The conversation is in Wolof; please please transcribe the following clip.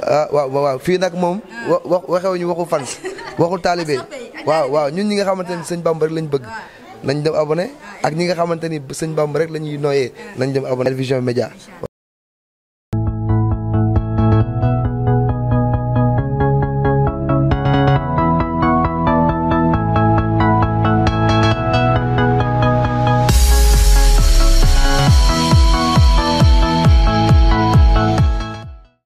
Ah, waaw waaw fii nag moom ah. wax waxewuñu waxu fans waxu taalibe waaw waaw ñun ñi nga xamante ni ah. sëñ Bamba rek lañ bëgg nañ dem abonné ak ñi nga xamante ni sëñ Bamba rek la ñuy nooyee nañ dem abonné Elvision Média